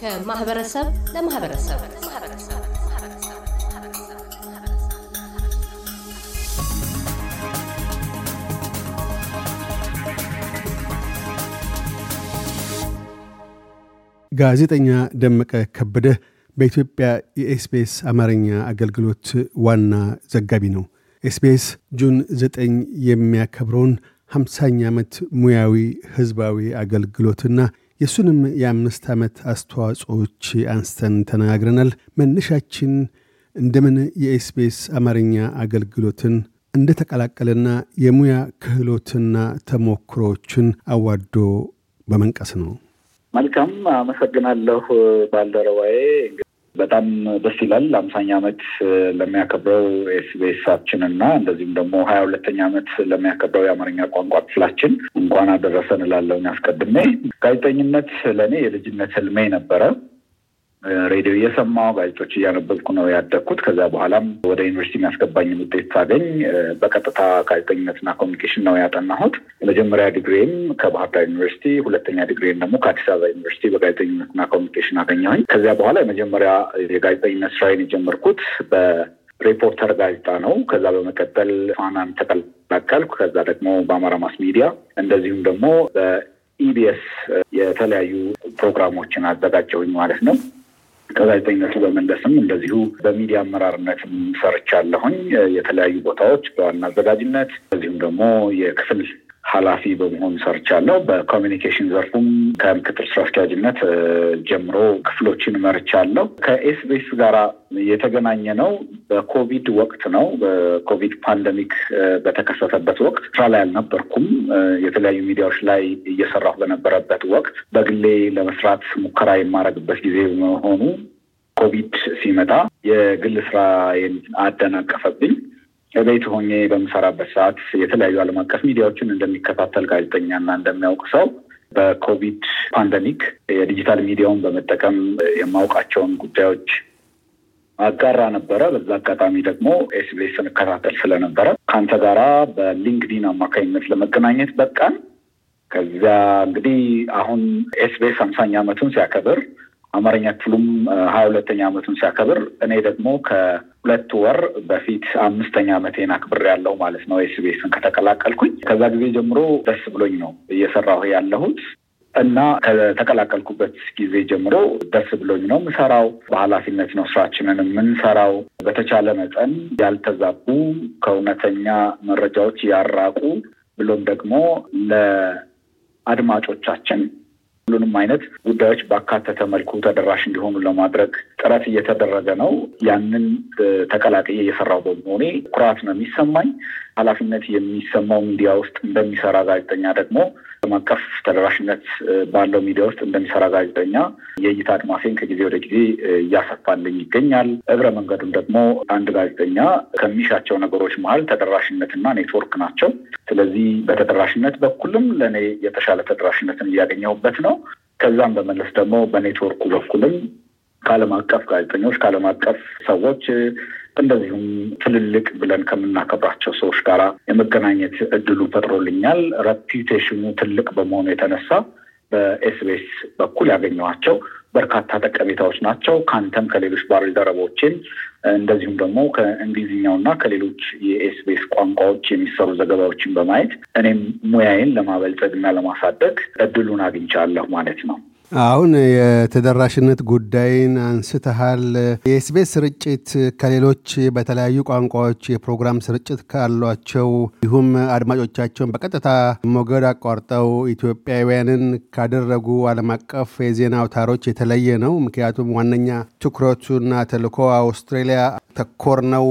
ከማህበረሰብ ለማህበረሰብ ጋዜጠኛ ደመቀ ከበደ በኢትዮጵያ የኤስቢኤስ አማርኛ አገልግሎት ዋና ዘጋቢ ነው። ኤስቢኤስ ጁን 9 የሚያከብረውን 5 ኛ ዓመት ሙያዊ ሕዝባዊ አገልግሎትና የእሱንም የአምስት ዓመት አስተዋጽኦዎች አንስተን ተነጋግረናል። መነሻችን እንደምን የኤስቢኤስ አማርኛ አገልግሎትን እንደ ተቀላቀለና የሙያ ክህሎትና ተሞክሮዎችን አዋዶ በመንቀስ ነው። መልካም አመሰግናለሁ ባልደረባዬ። በጣም ደስ ይላል። አምሳኛ ዓመት ለሚያከብረው ኤስቤሳችን እና እንደዚሁም ደግሞ ሀያ ሁለተኛ ዓመት ለሚያከብረው የአማርኛ ቋንቋ ክፍላችን እንኳን አደረሰን እላለሁኝ አስቀድሜ። ጋዜጠኝነት ለእኔ የልጅነት ህልሜ ነበረ። ሬዲዮ እየሰማው ጋዜጦች እያነበብኩ ነው ያደግኩት። ከዛ በኋላም ወደ ዩኒቨርሲቲ የሚያስገባኝን ውጤት ሳገኝ በቀጥታ ጋዜጠኝነትና ኮሚኒኬሽን ነው ያጠናሁት። የመጀመሪያ ዲግሪም ከባህር ዳር ዩኒቨርሲቲ፣ ሁለተኛ ዲግሪም ደግሞ ከአዲስ አበባ ዩኒቨርሲቲ በጋዜጠኝነትና ኮሚኒኬሽን አገኘሁኝ። ከዚያ በኋላ የመጀመሪያ የጋዜጠኝነት ስራዬን የጀመርኩት በሪፖርተር ጋዜጣ ነው። ከዛ በመቀጠል ፋናን ተቀላቀልኩ። ከዛ ደግሞ በአማራ ማስ ሚዲያ እንደዚሁም ደግሞ በኢቢኤስ የተለያዩ ፕሮግራሞችን አዘጋጀሁኝ ማለት ነው። ከጋዜጠኝነቱ በመለስም እንደዚሁ በሚዲያ አመራርነት ሰርቻለሁኝ። የተለያዩ ቦታዎች በዋና አዘጋጅነት፣ እዚሁም ደግሞ የክፍል ኃላፊ በመሆን ሰርቻለሁ። በኮሚኒኬሽን ዘርፉም ከምክትል ስራ አስኪያጅነት ጀምሮ ክፍሎችን መርቻለሁ። ከኤስቢኤስ ጋር የተገናኘ ነው። በኮቪድ ወቅት ነው። በኮቪድ ፓንደሚክ በተከሰተበት ወቅት ስራ ላይ አልነበርኩም። የተለያዩ ሚዲያዎች ላይ እየሰራሁ በነበረበት ወቅት በግሌ ለመስራት ሙከራ የማደርግበት ጊዜ በመሆኑ ኮቪድ ሲመጣ የግል ስራ አደናቀፈብኝ። ቤት ሆኜ በምሰራበት ሰዓት የተለያዩ ዓለም አቀፍ ሚዲያዎችን እንደሚከታተል ጋዜጠኛና እንደሚያውቅ ሰው በኮቪድ ፓንደሚክ የዲጂታል ሚዲያውን በመጠቀም የማውቃቸውን ጉዳዮች አጋራ ነበረ። በዛ አጋጣሚ ደግሞ ኤስቢኤስ እንከታተል ስለነበረ ከአንተ ጋራ በሊንክዲን አማካኝነት ለመገናኘት በቃን። ከዚያ እንግዲህ አሁን ኤስቢኤስ ሃምሳኛ ዓመቱን ሲያከብር አማርኛ ክፍሉም ሀያ ሁለተኛ ዓመቱን ሲያከብር እኔ ደግሞ ከሁለት ወር በፊት አምስተኛ ዓመቴን አክብር ያለው ማለት ነው ኤስቢኤስን ከተቀላቀልኩኝ። ከዛ ጊዜ ጀምሮ ደስ ብሎኝ ነው እየሰራሁ ያለሁት እና ከተቀላቀልኩበት ጊዜ ጀምሮ ደስ ብሎኝ ነው የምሰራው። በኃላፊነት ነው ስራችንን የምንሰራው። በተቻለ መጠን ያልተዛቡ ከእውነተኛ መረጃዎች ያራቁ ብሎም ደግሞ ለአድማጮቻችን ሁሉንም አይነት ጉዳዮች ባካተተ መልኩ ተደራሽ እንዲሆኑ ለማድረግ ጥረት እየተደረገ ነው። ያንን ተቀላቅዬ እየሰራው በመሆኔ ኩራት ነው የሚሰማኝ። ኃላፊነት የሚሰማው ሚዲያ ውስጥ እንደሚሰራ ጋዜጠኛ ደግሞ ዓለም አቀፍ ተደራሽነት ባለው ሚዲያ ውስጥ እንደሚሰራ ጋዜጠኛ የእይታ አድማሴን ከጊዜ ወደ ጊዜ እያሰፋልኝ ይገኛል። እግረ መንገዱም ደግሞ አንድ ጋዜጠኛ ከሚሻቸው ነገሮች መሀል ተደራሽነትና ኔትወርክ ናቸው። ስለዚህ በተደራሽነት በኩልም ለእኔ የተሻለ ተደራሽነትን እያገኘሁበት ነው። ከዛም በመለስ ደግሞ በኔትወርኩ በኩልም ከዓለም አቀፍ ጋዜጠኞች ከዓለም አቀፍ ሰዎች እንደዚሁም ትልልቅ ብለን ከምናከብራቸው ሰዎች ጋር የመገናኘት እድሉ ፈጥሮልኛል። ረፒቴሽኑ ትልቅ በመሆኑ የተነሳ በኤስቤስ በኩል ያገኘኋቸው በርካታ ጠቀሜታዎች ናቸው። ከአንተም ከሌሎች ባልደረቦቼም እንደዚሁም ደግሞ እና ከሌሎች የኤስቤስ ቋንቋዎች የሚሰሩ ዘገባዎችን በማየት እኔም ሙያዬን ለማበልጸግ እና ለማሳደግ እድሉን አግኝቻለሁ ማለት ነው። አሁን የተደራሽነት ጉዳይን አንስተሃል። የኤስቤስ ስርጭት ከሌሎች በተለያዩ ቋንቋዎች የፕሮግራም ስርጭት ካሏቸው እንዲሁም አድማጮቻቸውን በቀጥታ ሞገድ አቋርጠው ኢትዮጵያውያንን ካደረጉ ዓለም አቀፍ የዜና አውታሮች የተለየ ነው። ምክንያቱም ዋነኛ ትኩረቱና ተልኮ አውስትሬሊያ ተኮር ነው።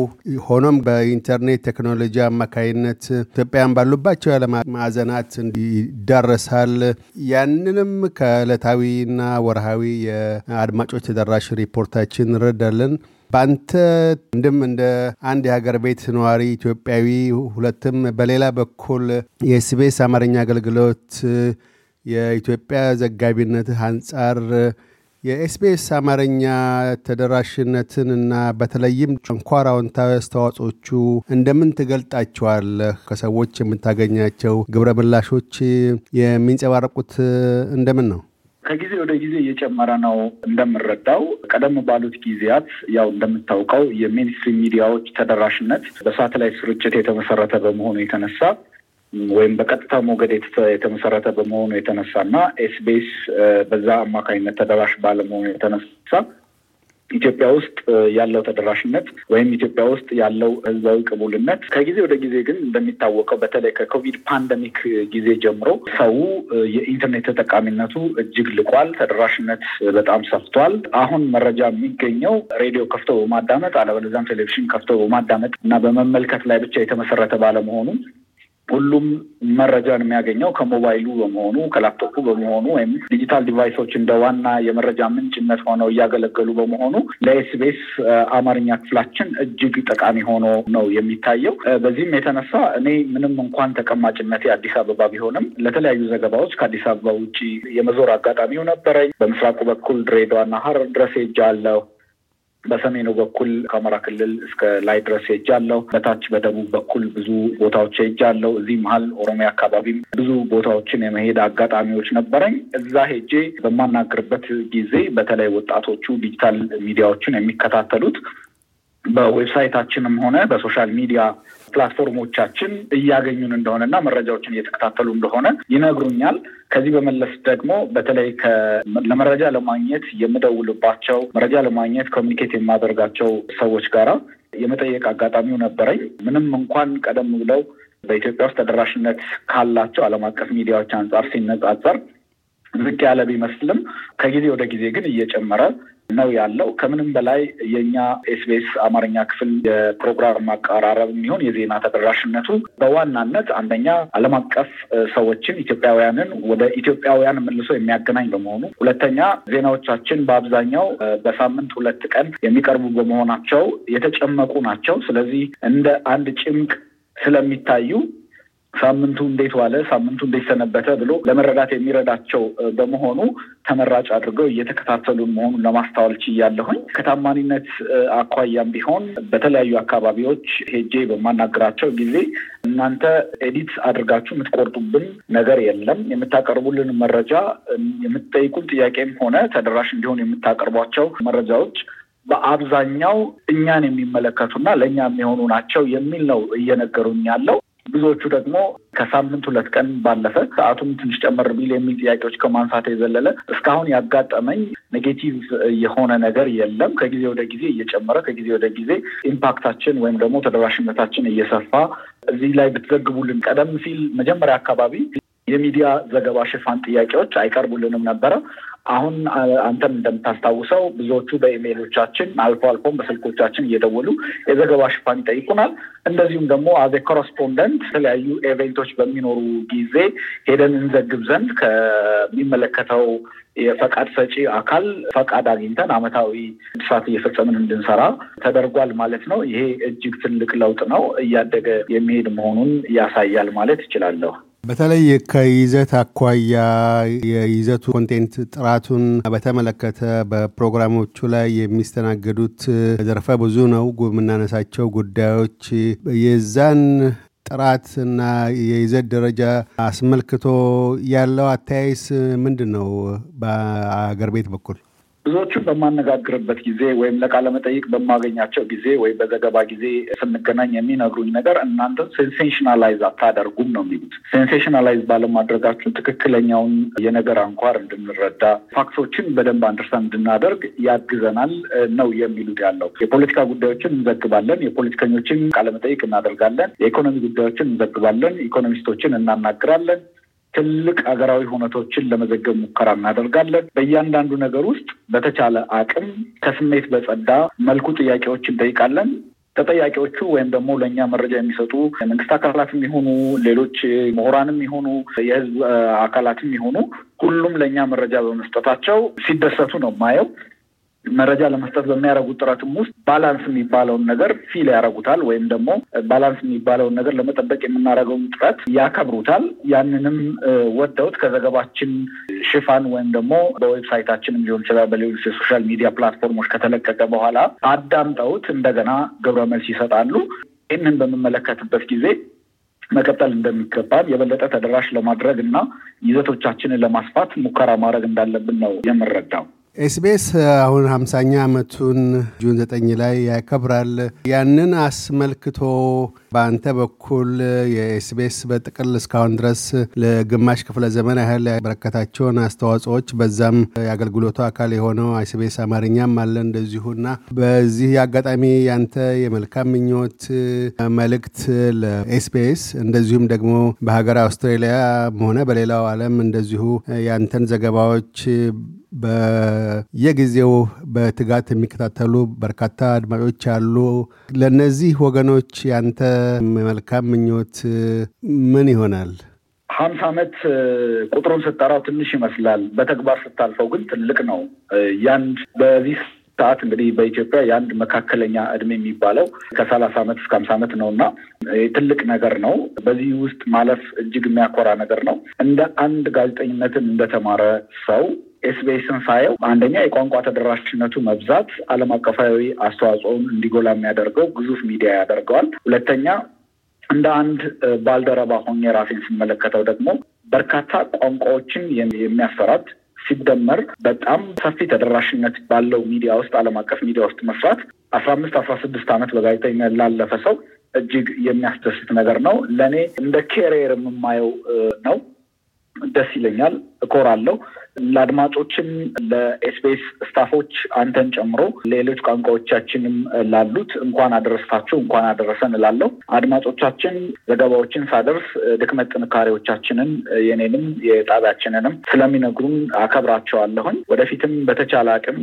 ሆኖም በኢንተርኔት ቴክኖሎጂ አማካይነት ኢትዮጵያን ባሉባቸው የዓለም ማዕዘናት ይዳረሳል። ያንንም ከዕለታዊና ወርሃዊ የአድማጮች ተደራሽ ሪፖርታችን እንረዳለን። በአንተ እንድም እንደ አንድ የሀገር ቤት ነዋሪ ኢትዮጵያዊ፣ ሁለትም በሌላ በኩል የኤስቢኤስ አማርኛ አገልግሎት የኢትዮጵያ ዘጋቢነት አንጻር የኤስቢኤስ አማርኛ ተደራሽነትን እና በተለይም አንኳር አዎንታዊ አስተዋጽኦቹ እንደምን ትገልጣቸዋለህ? ከሰዎች የምታገኛቸው ግብረ ምላሾች የሚንጸባረቁት እንደምን ነው? ከጊዜ ወደ ጊዜ እየጨመረ ነው እንደምንረዳው። ቀደም ባሉት ጊዜያት ያው እንደምታውቀው የሜንስትሪም ሚዲያዎች ተደራሽነት በሳተላይት ስርጭት የተመሰረተ በመሆኑ የተነሳ ወይም በቀጥታ ሞገድ የተመሰረተ በመሆኑ የተነሳ እና ኤስቢኤስ በዛ አማካኝነት ተደራሽ ባለመሆኑ የተነሳ ኢትዮጵያ ውስጥ ያለው ተደራሽነት ወይም ኢትዮጵያ ውስጥ ያለው ሕዝባዊ ቅቡልነት ከጊዜ ወደ ጊዜ ግን እንደሚታወቀው በተለይ ከኮቪድ ፓንደሚክ ጊዜ ጀምሮ ሰው የኢንተርኔት ተጠቃሚነቱ እጅግ ልቋል። ተደራሽነት በጣም ሰፍቷል። አሁን መረጃ የሚገኘው ሬዲዮ ከፍተው በማዳመጥ አለበለዚያም ቴሌቪዥን ከፍተው በማዳመጥ እና በመመልከት ላይ ብቻ የተመሰረተ ባለመሆኑም ሁሉም መረጃን የሚያገኘው ከሞባይሉ በመሆኑ ከላፕቶፑ በመሆኑ ወይም ዲጂታል ዲቫይሶች እንደ ዋና የመረጃ ምንጭነት ሆነው እያገለገሉ በመሆኑ ለኤስቤስ አማርኛ ክፍላችን እጅግ ጠቃሚ ሆኖ ነው የሚታየው። በዚህም የተነሳ እኔ ምንም እንኳን ተቀማጭነት አዲስ አበባ ቢሆንም ለተለያዩ ዘገባዎች ከአዲስ አበባ ውጭ የመዞር አጋጣሚው ነበረኝ። በምስራቁ በኩል ድሬዳዋና ሀረር ድረስ ሄጃለሁ። በሰሜኑ በኩል ከአማራ ክልል እስከ ላይ ድረስ ሄጃለሁ። በታች በደቡብ በኩል ብዙ ቦታዎች ሄጃለሁ። እዚህ መሀል ኦሮሚያ አካባቢም ብዙ ቦታዎችን የመሄድ አጋጣሚዎች ነበረኝ። እዛ ሄጄ በማናገርበት ጊዜ በተለይ ወጣቶቹ ዲጂታል ሚዲያዎችን የሚከታተሉት በዌብሳይታችንም ሆነ በሶሻል ሚዲያ ፕላትፎርሞቻችን እያገኙን እንደሆነ እና መረጃዎችን እየተከታተሉ እንደሆነ ይነግሩኛል። ከዚህ በመለስ ደግሞ በተለይ ለመረጃ ለማግኘት የምደውልባቸው መረጃ ለማግኘት ኮሚኒኬት የማደርጋቸው ሰዎች ጋራ የመጠየቅ አጋጣሚው ነበረኝ። ምንም እንኳን ቀደም ብለው በኢትዮጵያ ውስጥ ተደራሽነት ካላቸው ዓለም አቀፍ ሚዲያዎች አንጻር ሲነጻጸር ዝቅ ያለ ቢመስልም ከጊዜ ወደ ጊዜ ግን እየጨመረ ነው ያለው። ከምንም በላይ የእኛ ኤስቤስ አማርኛ ክፍል የፕሮግራም አቀራረብ የሚሆን የዜና ተደራሽነቱ በዋናነት አንደኛ ዓለም አቀፍ ሰዎችን ኢትዮጵያውያንን ወደ ኢትዮጵያውያን መልሶ የሚያገናኝ በመሆኑ፣ ሁለተኛ ዜናዎቻችን በአብዛኛው በሳምንት ሁለት ቀን የሚቀርቡ በመሆናቸው የተጨመቁ ናቸው። ስለዚህ እንደ አንድ ጭምቅ ስለሚታዩ ሳምንቱ እንዴት ዋለ፣ ሳምንቱ እንዴት ሰነበተ ብሎ ለመረዳት የሚረዳቸው በመሆኑ ተመራጭ አድርገው እየተከታተሉን መሆኑን ለማስታወል ችያለሁኝ። ከታማኒነት አኳያም ቢሆን በተለያዩ አካባቢዎች ሄጄ በማናገራቸው ጊዜ እናንተ ኤዲት አድርጋችሁ የምትቆርጡብን ነገር የለም፣ የምታቀርቡልን መረጃ የምትጠይቁን ጥያቄም ሆነ ተደራሽ እንዲሆን የምታቀርቧቸው መረጃዎች በአብዛኛው እኛን የሚመለከቱና ለእኛ የሚሆኑ ናቸው የሚል ነው እየነገሩኝ ያለው። ብዙዎቹ ደግሞ ከሳምንት ሁለት ቀን ባለፈ ሰዓቱም ትንሽ ጨመር ቢል የሚል ጥያቄዎች ከማንሳት የዘለለ እስካሁን ያጋጠመኝ ኔጌቲቭ የሆነ ነገር የለም። ከጊዜ ወደ ጊዜ እየጨመረ ከጊዜ ወደ ጊዜ ኢምፓክታችን ወይም ደግሞ ተደራሽነታችን እየሰፋ እዚህ ላይ ብትዘግቡልን ቀደም ሲል መጀመሪያ አካባቢ የሚዲያ ዘገባ ሽፋን ጥያቄዎች አይቀርቡልንም ነበረ። አሁን አንተም እንደምታስታውሰው ብዙዎቹ በኢሜይሎቻችን አልፎ አልፎም በስልኮቻችን እየደወሉ የዘገባ ሽፋን ይጠይቁናል። እንደዚሁም ደግሞ አዘ ኮረስፖንደንት የተለያዩ ኤቨንቶች በሚኖሩ ጊዜ ሄደን እንዘግብ ዘንድ ከሚመለከተው የፈቃድ ሰጪ አካል ፈቃድ አግኝተን አመታዊ እድሳት እየፈጸምን እንድንሰራ ተደርጓል ማለት ነው። ይሄ እጅግ ትልቅ ለውጥ ነው፣ እያደገ የሚሄድ መሆኑን ያሳያል ማለት ይችላለሁ። በተለይ ከይዘት አኳያ የይዘቱ ኮንቴንት ጥራቱን በተመለከተ በፕሮግራሞቹ ላይ የሚስተናገዱት ዘርፈ ብዙ ነው የምናነሳቸው ጉዳዮች የዛን ጥራት እና የይዘት ደረጃ አስመልክቶ ያለው አተያይስ ምንድን ነው? በአገር ቤት በኩል ብዙዎቹን በማነጋግርበት ጊዜ ወይም ለቃለመጠይቅ በማገኛቸው ጊዜ ወይም በዘገባ ጊዜ ስንገናኝ የሚነግሩኝ ነገር እናንተ ሴንሴሽናላይዝ አታደርጉም ነው የሚሉት። ሴንሴሽናላይዝ ባለማድረጋችሁ ትክክለኛውን የነገር አንኳር እንድንረዳ፣ ፋክቶችን በደንብ አንደርስታንድ እንድናደርግ ያግዘናል ነው የሚሉት ያለው። የፖለቲካ ጉዳዮችን እንዘግባለን፣ የፖለቲከኞችን ቃለመጠይቅ እናደርጋለን፣ የኢኮኖሚ ጉዳዮችን እንዘግባለን፣ ኢኮኖሚስቶችን እናናግራለን ትልቅ ሀገራዊ ሁነቶችን ለመዘገብ ሙከራ እናደርጋለን። በእያንዳንዱ ነገር ውስጥ በተቻለ አቅም ከስሜት በጸዳ መልኩ ጥያቄዎች እንጠይቃለን። ተጠያቂዎቹ ወይም ደግሞ ለእኛ መረጃ የሚሰጡ የመንግስት አካላትም ይሆኑ ሌሎች ምሁራንም ይሆኑ የህዝብ አካላትም ይሆኑ ሁሉም ለእኛ መረጃ በመስጠታቸው ሲደሰቱ ነው ማየው። መረጃ ለመስጠት በሚያደርጉት ጥረትም ውስጥ ባላንስ የሚባለውን ነገር ፊል ያደርጉታል ወይም ደግሞ ባላንስ የሚባለውን ነገር ለመጠበቅ የምናደርገውን ጥረት ያከብሩታል። ያንንም ወደውት ከዘገባችን ሽፋን ወይም ደግሞ በዌብሳይታችንም ሊሆን ይችላል፣ በሌሎች የሶሻል ሚዲያ ፕላትፎርሞች ከተለቀቀ በኋላ አዳምጠውት እንደገና ግብረ መልስ ይሰጣሉ። ይህንን በምመለከትበት ጊዜ መቀጠል እንደሚገባን የበለጠ ተደራሽ ለማድረግ እና ይዘቶቻችንን ለማስፋት ሙከራ ማድረግ እንዳለብን ነው የምረዳው። ኤስቤስ አሁን ሀምሳኛ ዓመቱን ጁን ዘጠኝ ላይ ያከብራል። ያንን አስመልክቶ በአንተ በኩል የኤስቤስ በጥቅል እስካሁን ድረስ ለግማሽ ክፍለ ዘመን ያህል ያበረከታቸውን አስተዋጽኦዎች በዛም የአገልግሎቱ አካል የሆነው ኤስቤስ አማርኛም አለ እንደዚሁና በዚህ አጋጣሚ ያንተ የመልካም ምኞት መልእክት ለኤስቤስ እንደዚሁም ደግሞ በሀገር አውስትራሊያ ሆነ በሌላው ዓለም እንደዚሁ ያንተን ዘገባዎች በየጊዜው በትጋት የሚከታተሉ በርካታ አድማጮች አሉ። ለእነዚህ ወገኖች ያንተ መልካም ምኞት ምን ይሆናል? ሀምሳ ዓመት ቁጥሩን ስትጠራው ትንሽ ይመስላል፣ በተግባር ስታልፈው ግን ትልቅ ነው። ያንድ በዚህ ሰዓት እንግዲህ በኢትዮጵያ የአንድ መካከለኛ እድሜ የሚባለው ከሰላሳ ዓመት እስከ ሀምሳ ዓመት ነው እና ትልቅ ነገር ነው። በዚህ ውስጥ ማለፍ እጅግ የሚያኮራ ነገር ነው። እንደ አንድ ጋዜጠኝነትን እንደተማረ ሰው ኤስቤስን ሳየው አንደኛ የቋንቋ ተደራሽነቱ መብዛት ዓለም አቀፋዊ አስተዋጽኦን እንዲጎላ የሚያደርገው ግዙፍ ሚዲያ ያደርገዋል። ሁለተኛ እንደ አንድ ባልደረባ ሆኜ የራሴን ስመለከተው ደግሞ በርካታ ቋንቋዎችን የሚያሰራት ሲደመር በጣም ሰፊ ተደራሽነት ባለው ሚዲያ ውስጥ ዓለም አቀፍ ሚዲያ ውስጥ መስራት አስራ አምስት አስራ ስድስት ዓመት በጋዜጠኝነት ላለፈ ሰው እጅግ የሚያስደስት ነገር ነው። ለእኔ እንደ ኬሪየር የምማየው ነው። ደስ ይለኛል፣ እኮራለሁ። ለአድማጮችም ለኤስቢኤስ ስታፎች አንተን ጨምሮ ሌሎች ቋንቋዎቻችንም ላሉት እንኳን አደረስታችሁ እንኳን አደረሰን እላለሁ። አድማጮቻችን ዘገባዎችን ሳደርስ ድክመት ጥንካሬዎቻችንን የኔንም የጣቢያችንንም ስለሚነግሩን አከብራቸዋለሁኝ። ወደፊትም በተቻለ አቅም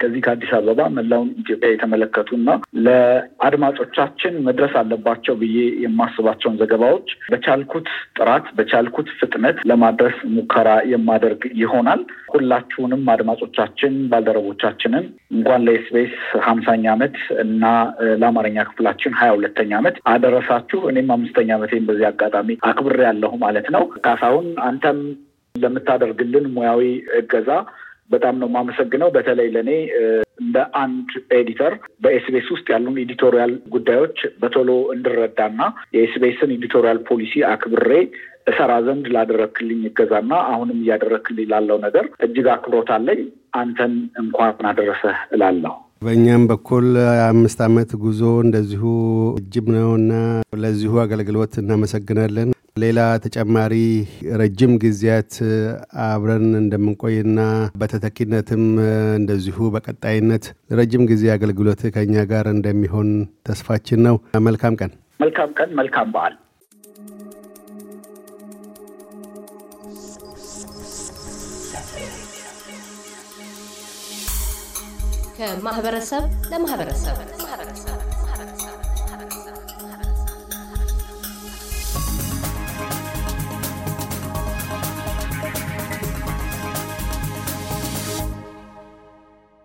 ከዚህ ከአዲስ አበባ መላውን ኢትዮጵያ የተመለከቱ እና ለአድማጮቻችን መድረስ አለባቸው ብዬ የማስባቸውን ዘገባዎች በቻልኩት ጥራት በቻልኩት ፍጥነት ለማድረስ ሙከራ የማደርግ ይሆናል። ሁላችሁንም አድማጮቻችን፣ ባልደረቦቻችንን እንኳን ለኤስቢኤስ ሀምሳኛ ዓመት እና ለአማርኛ ክፍላችን ሀያ ሁለተኛ ዓመት አደረሳችሁ። እኔም አምስተኛ ዓመቴን በዚህ አጋጣሚ አክብሬ ያለሁ ማለት ነው። ካሳሁን አንተም ለምታደርግልን ሙያዊ እገዛ በጣም ነው የማመሰግነው። በተለይ ለእኔ እንደ አንድ ኤዲተር በኤስቤስ ውስጥ ያሉን ኤዲቶሪያል ጉዳዮች በቶሎ እንድረዳና የኤስቤስን ኤዲቶሪያል ፖሊሲ አክብሬ እሰራ ዘንድ ላደረክልኝ እገዛና አሁንም እያደረክልኝ ላለው ነገር እጅግ አክብሮት አለኝ። አንተን እንኳን አደረሰህ እላለሁ። በእኛም በኩል አምስት ዓመት ጉዞ እንደዚሁ እጅብ ነውና ለዚሁ አገልግሎት እናመሰግናለን። ሌላ ተጨማሪ ረጅም ጊዜያት አብረን እንደምንቆይና በተተኪነትም እንደዚሁ በቀጣይነት ረጅም ጊዜ አገልግሎት ከኛ ጋር እንደሚሆን ተስፋችን ነው። መልካም ቀን፣ መልካም ቀን፣ መልካም በዓል። ከማህበረሰብ ለማህበረሰብ